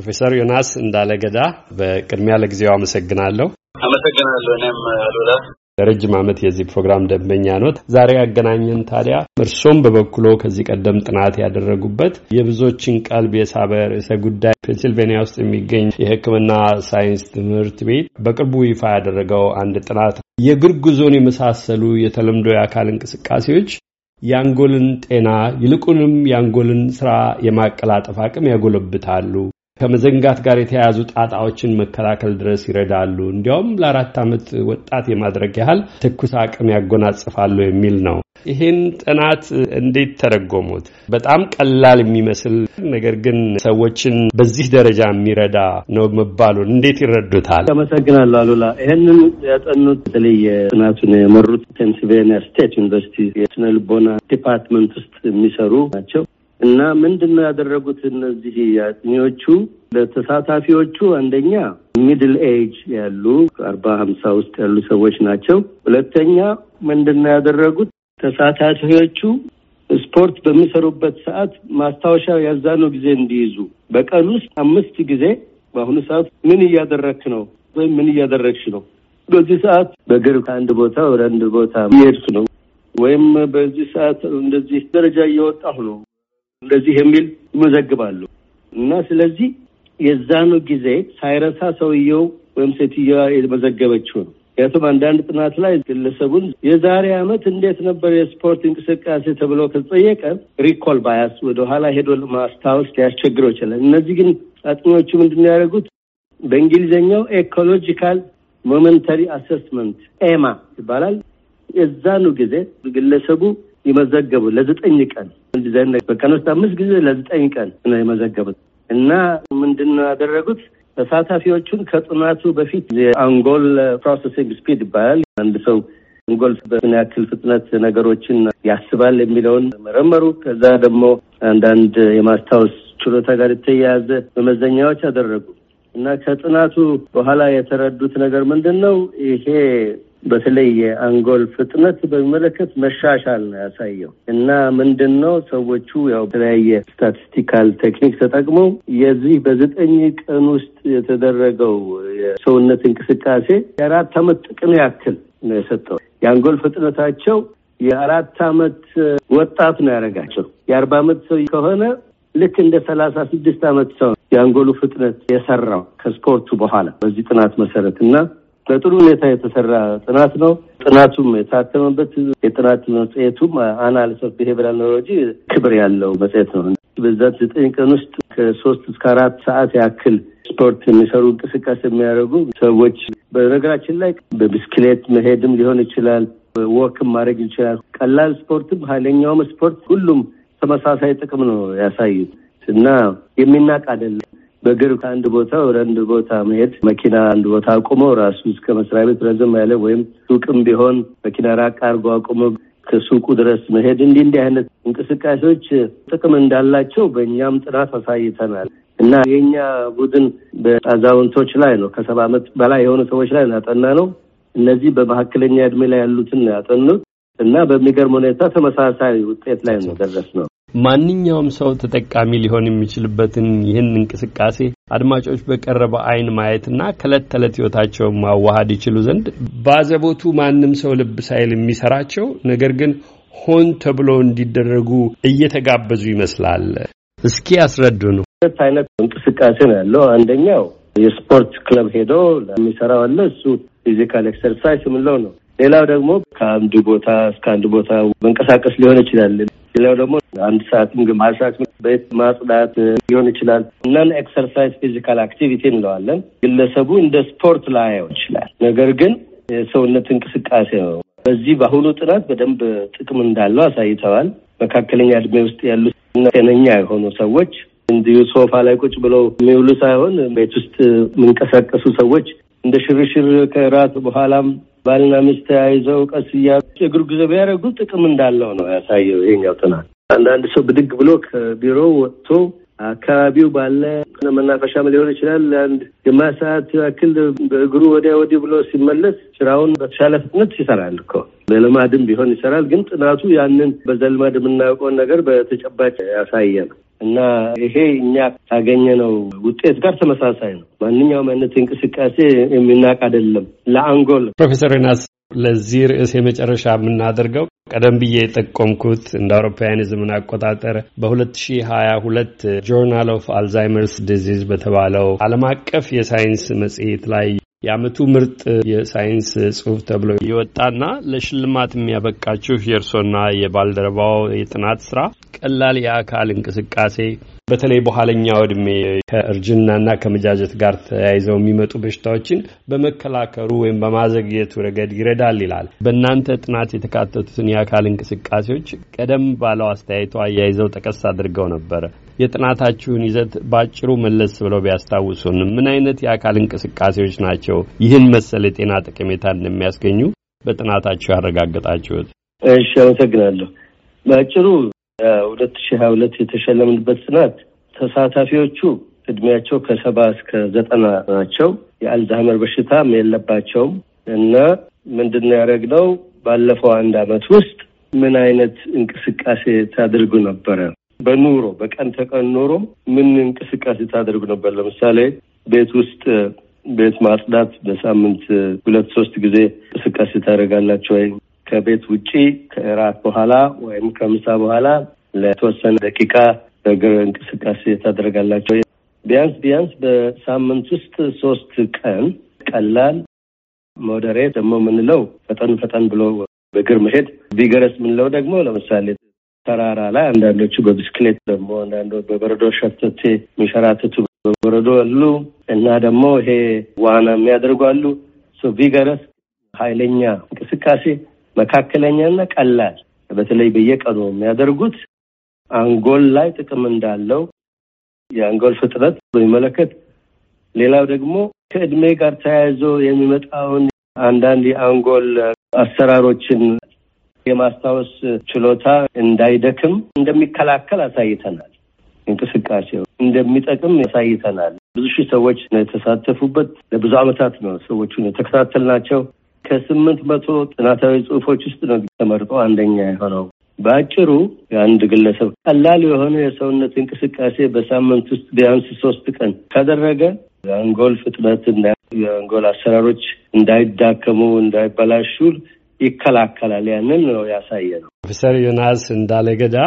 ፕሮፌሰር ዮናስ እንዳለገዳ በቅድሚያ ለጊዜው አመሰግናለሁ። አመሰግናለሁ። እኔም አሉላ ለረጅም ዓመት የዚህ ፕሮግራም ደንበኛ ኖት። ዛሬ ያገናኘን ታዲያ እርሶም በበኩሎ ከዚህ ቀደም ጥናት ያደረጉበት የብዙዎችን ቀልብ የሳበ ርዕሰ ጉዳይ ፔንሲልቬኒያ ውስጥ የሚገኝ የሕክምና ሳይንስ ትምህርት ቤት በቅርቡ ይፋ ያደረገው አንድ ጥናት የእግር ጉዞን የመሳሰሉ የተለምዶ የአካል እንቅስቃሴዎች የአንጎልን ጤና ይልቁንም የአንጎልን ስራ የማቀላጠፍ አቅም ያጎለብታሉ ከመዘንጋት ጋር የተያያዙ ጣጣዎችን መከላከል ድረስ ይረዳሉ፣ እንዲያውም ለአራት ዓመት ወጣት የማድረግ ያህል ትኩስ አቅም ያጎናጽፋሉ የሚል ነው። ይህን ጥናት እንዴት ተረጎሙት? በጣም ቀላል የሚመስል ነገር ግን ሰዎችን በዚህ ደረጃ የሚረዳ ነው መባሉን እንዴት ይረዱታል? አመሰግናለሁ አሉላ። ይህንን ያጠኑት በተለይ ጥናቱን የመሩት ፔንስልቬኒያ ስቴት ዩኒቨርሲቲ የስነ ልቦና ዲፓርትመንት ውስጥ የሚሰሩ ናቸው። እና ምንድን ነው ያደረጉት እነዚህ አጥኚዎቹ ለተሳታፊዎቹ አንደኛ ሚድል ኤጅ ያሉ አርባ ሀምሳ ውስጥ ያሉ ሰዎች ናቸው። ሁለተኛ ምንድን ነው ያደረጉት ተሳታፊዎቹ ስፖርት በሚሰሩበት ሰዓት ማስታወሻ ያዛኑ ጊዜ እንዲይዙ በቀን ውስጥ አምስት ጊዜ በአሁኑ ሰዓት ምን እያደረግክ ነው ወይም ምን እያደረግሽ ነው? በዚህ ሰዓት በእግር ከአንድ ቦታ ወደ አንድ ቦታ እየሄድኩ ነው ወይም በዚህ ሰዓት እንደዚህ ደረጃ እየወጣሁ ነው እንደዚህ የሚል ይመዘግባሉ እና ስለዚህ የዛኑ ጊዜ ሳይረሳ ሰውየው ወይም ሴትዮዋ የመዘገበችው ነው። ያቱም አንዳንድ ጥናት ላይ ግለሰቡን የዛሬ ዓመት እንዴት ነበር የስፖርት እንቅስቃሴ ተብሎ ከተጠየቀ ሪኮል ባያስ ወደኋላ ሄዶ ማስታወስ ሊያስቸግረው ይችላል። እነዚህ ግን አጥኚዎቹ ምንድን ነው ያደረጉት? በእንግሊዝኛው ኤኮሎጂካል ሞመንተሪ አሴስመንት ኤማ ይባላል። የዛኑ ጊዜ ግለሰቡ የመዘገቡ ለዘጠኝ ቀን እንዲዛይን በቀን ውስጥ አምስት ጊዜ ለዘጠኝ ቀን ነው የመዘገቡት እና ምንድን ያደረጉት? ተሳታፊዎቹን ከጥናቱ በፊት የአንጎል ፕሮሰሲንግ ስፒድ ይባላል። አንድ ሰው አንጎል በምን ያክል ፍጥነት ነገሮችን ያስባል የሚለውን መረመሩ። ከዛ ደግሞ አንዳንድ የማስታወስ ችሎታ ጋር የተያያዘ መመዘኛዎች አደረጉ እና ከጥናቱ በኋላ የተረዱት ነገር ምንድን ነው ይሄ በተለይ የአንጎል ፍጥነት በሚመለከት መሻሻል ነው ያሳየው እና ምንድን ነው ሰዎቹ ያው የተለያየ ስታቲስቲካል ቴክኒክ ተጠቅመው የዚህ በዘጠኝ ቀን ውስጥ የተደረገው የሰውነት እንቅስቃሴ የአራት አመት ጥቅም ያክል ነው የሰጠው። የአንጎል ፍጥነታቸው የአራት አመት ወጣት ነው ያደረጋቸው። የአርባ አመት ሰው ከሆነ ልክ እንደ ሰላሳ ስድስት አመት ሰው የአንጎሉ ፍጥነት የሰራው ከስፖርቱ በኋላ በዚህ ጥናት መሰረት እና በጥሩ ሁኔታ የተሰራ ጥናት ነው። ጥናቱም የታተመበት የጥናት መጽሔቱም አናሊስ ኦፍ ቢሄቪራል ኖሮሎጂ ክብር ያለው መጽሔት ነው። በዛ ዘጠኝ ቀን ውስጥ ከሶስት እስከ አራት ሰዓት ያክል ስፖርት የሚሰሩ እንቅስቃሴ የሚያደርጉ ሰዎች በነገራችን ላይ በብስክሌት መሄድም ሊሆን ይችላል፣ ወክም ማድረግ ይችላል። ቀላል ስፖርትም ኃይለኛውም ስፖርት ሁሉም ተመሳሳይ ጥቅም ነው ያሳዩት እና የሚናቅ አይደለም። በእግር ከአንድ ቦታ ወደ አንድ ቦታ መሄድ መኪና አንድ ቦታ አቁሞ ራሱ እስከ መስሪያ ቤት ረዘም ያለ ወይም ሱቅም ቢሆን መኪና ራቅ አርጎ አቁሞ ከሱቁ ድረስ መሄድ እንዲህ እንዲህ አይነት እንቅስቃሴዎች ጥቅም እንዳላቸው በእኛም ጥናት አሳይተናል እና የኛ ቡድን በአዛውንቶች ላይ ነው ከሰባ ዓመት በላይ የሆኑ ሰዎች ላይ ያጠና ነው። እነዚህ በመካከለኛ እድሜ ላይ ያሉትን ያጠኑት እና በሚገርም ሁኔታ ተመሳሳይ ውጤት ላይ ነው ደረስ ነው። ማንኛውም ሰው ተጠቃሚ ሊሆን የሚችልበትን ይህን እንቅስቃሴ አድማጮች በቀረበ አይን ማየትና ከእለት ተዕለት ህይወታቸውን ማዋሃድ ይችሉ ዘንድ ባዘቦቱ ማንም ሰው ልብ ሳይል የሚሰራቸው ነገር ግን ሆን ተብሎ እንዲደረጉ እየተጋበዙ ይመስላል። እስኪ ያስረዱ ነው። ሁለት አይነት እንቅስቃሴ ነው ያለው። አንደኛው የስፖርት ክለብ ሄዶ የሚሰራው አለ። እሱ ፊዚካል ኤክሰርሳይዝ የምለው ነው። ሌላው ደግሞ ከአንድ ቦታ እስከ አንድ ቦታ መንቀሳቀስ ሊሆን ይችላል። ሌላው ደግሞ አንድ ሰዓትም ግማሽ ሰዓት ቤት ማጽዳት ሊሆን ይችላል። እናን ኤክሰርሳይዝ ፊዚካል አክቲቪቲ እንለዋለን። ግለሰቡ እንደ ስፖርት ላያየው ይችላል፣ ነገር ግን የሰውነት እንቅስቃሴ ነው። በዚህ በአሁኑ ጥናት በደንብ ጥቅም እንዳለው አሳይተዋል። መካከለኛ እድሜ ውስጥ ያሉ ጤነኛ የሆኑ ሰዎች እንዲሁ ሶፋ ላይ ቁጭ ብለው የሚውሉ ሳይሆን ቤት ውስጥ የሚንቀሳቀሱ ሰዎች እንደ ሽርሽር ከራት በኋላም ባልና ሚስት ተያይዘው ቀስ እያሉ የእግር ጉዞ ቢያደርጉ ጥቅም እንዳለው ነው ያሳየው ይሄኛው ጥናት። አንዳንድ ሰው ብድግ ብሎ ከቢሮ ወጥቶ አካባቢው ባለ መናፈሻም ሊሆን ይችላል። አንድ ግማ ሰዓት ያክል በእግሩ ወዲያ ወዲህ ብሎ ሲመለስ ስራውን በተሻለ ፍጥነት ይሰራል እኮ በልማድም ቢሆን ይሰራል። ግን ጥናቱ ያንን በዘልማድ የምናውቀውን ነገር በተጨባጭ ያሳየ ነው እና ይሄ እኛ ካገኘነው ውጤት ጋር ተመሳሳይ ነው። ማንኛውም አይነት እንቅስቃሴ የሚናቅ አይደለም ለአንጎል። ፕሮፌሰር ናስ ለዚህ ርዕስ የመጨረሻ የምናደርገው ቀደም ብዬ የጠቆምኩት እንደ አውሮፓውያን የዘመን አቆጣጠር በ2022 ጆርናል ኦፍ አልዛይመርስ ዲዚዝ በተባለው ዓለም አቀፍ የሳይንስ መጽሔት ላይ የዓመቱ ምርጥ የሳይንስ ጽሑፍ ተብሎ የወጣና ለሽልማት የሚያበቃችሁ የእርሶና የባልደረባው የጥናት ስራ ቀላል የአካል እንቅስቃሴ በተለይ በኋለኛው እድሜ ከእርጅናና ከመጃጀት ጋር ተያይዘው የሚመጡ በሽታዎችን በመከላከሉ ወይም በማዘግየቱ ረገድ ይረዳል ይላል። በእናንተ ጥናት የተካተቱትን የአካል እንቅስቃሴዎች ቀደም ባለው አስተያየቱ አያይዘው ጠቀስ አድርገው ነበር። የጥናታችሁን ይዘት በአጭሩ መለስ ብለው ቢያስታውሱን፣ ምን አይነት የአካል እንቅስቃሴዎች ናቸው ይህን መሰል የጤና ጠቀሜታ እንደሚያስገኙ በጥናታችሁ ያረጋገጣችሁት? እሺ፣ አመሰግናለሁ። በአጭሩ ሁለት ሺ ሀያ ሁለት የተሸለምንበት ጥናት ተሳታፊዎቹ እድሜያቸው ከሰባ እስከ ዘጠና ናቸው። የአልዛይመር በሽታም የለባቸውም እና ምንድን ነው ያደረግነው ባለፈው አንድ አመት ውስጥ ምን አይነት እንቅስቃሴ ታደርጉ ነበረ? በኑሮ በቀን ተቀን ኑሮ ምን እንቅስቃሴ ታደርጉ ነበር? ለምሳሌ ቤት ውስጥ ቤት ማጽዳት በሳምንት ሁለት ሶስት ጊዜ እንቅስቃሴ ታደርጋላችሁ ወይም ከቤት ውጪ ከእራት በኋላ ወይም ከምሳ በኋላ ለተወሰነ ደቂቃ በእግር እንቅስቃሴ ታደርጋላቸው። ቢያንስ ቢያንስ በሳምንት ውስጥ ሶስት ቀን ቀላል ሞደሬት ደግሞ የምንለው ፈጠን ፈጠን ብሎ በእግር መሄድ፣ ቢገረስ የምንለው ደግሞ ለምሳሌ ተራራ ላይ አንዳንዶቹ በብስክሌት ደግሞ አንዳንዶ በበረዶ ሸርተቴ የሚሸራትቱ በበረዶ አሉ እና ደግሞ ይሄ ዋና የሚያደርጓሉ ቪገረስ ኃይለኛ እንቅስቃሴ መካከለኛና ቀላል በተለይ በየቀኑ የሚያደርጉት አንጎል ላይ ጥቅም እንዳለው የአንጎል ፍጥረት በሚመለከት ሌላው ደግሞ ከእድሜ ጋር ተያይዞ የሚመጣውን አንዳንድ የአንጎል አሰራሮችን የማስታወስ ችሎታ እንዳይደክም እንደሚከላከል አሳይተናል። እንቅስቃሴው እንደሚጠቅም አሳይተናል ብዙ ሺህ ሰዎች ነው የተሳተፉበት። ለብዙ ዓመታት ነው ሰዎቹን የተከታተልናቸው። ከስምንት መቶ ጥናታዊ ጽሁፎች ውስጥ ነው ተመርጦ አንደኛ የሆነው። በአጭሩ የአንድ ግለሰብ ቀላል የሆነ የሰውነት እንቅስቃሴ በሳምንት ውስጥ ቢያንስ ሶስት ቀን ካደረገ የአንጎል ፍጥነት የአንጎል አሰራሮች እንዳይዳከሙ እንዳይበላሹ ይከላከላል። ያንን ነው ያሳየ ነው። ፕሮፌሰር ዮናስ እንዳለገዳ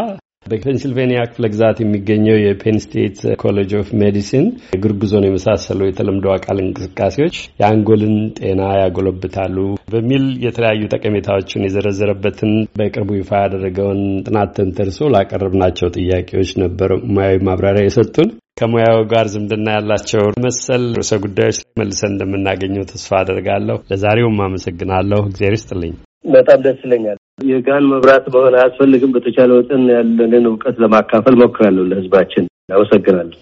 በፔንሲልቬኒያ ክፍለ ግዛት የሚገኘው የፔን ስቴት ኮሌጅ ኦፍ ሜዲሲን እግር ጉዞን የመሳሰሉ የተለምዶ አካል እንቅስቃሴዎች የአንጎልን ጤና ያጎለብታሉ በሚል የተለያዩ ጠቀሜታዎችን የዘረዘረበትን በቅርቡ ይፋ ያደረገውን ጥናት ተንተርሶ ላቀረብናቸው ጥያቄዎች ነበር ሙያዊ ማብራሪያ የሰጡን። ከሙያው ጋር ዝምድና ያላቸው መሰል ርዕሰ ጉዳዮች መልሰን እንደምናገኘው ተስፋ አደርጋለሁ። ለዛሬውም አመሰግናለሁ። እግዜር ይስጥልኝ። በጣም ደስ ይለኛል። የጋን መብራት መሆን አያስፈልግም። በተቻለ ወጠን ያለንን እውቀት ለማካፈል ሞክራለሁ ለህዝባችን። አመሰግናለሁ።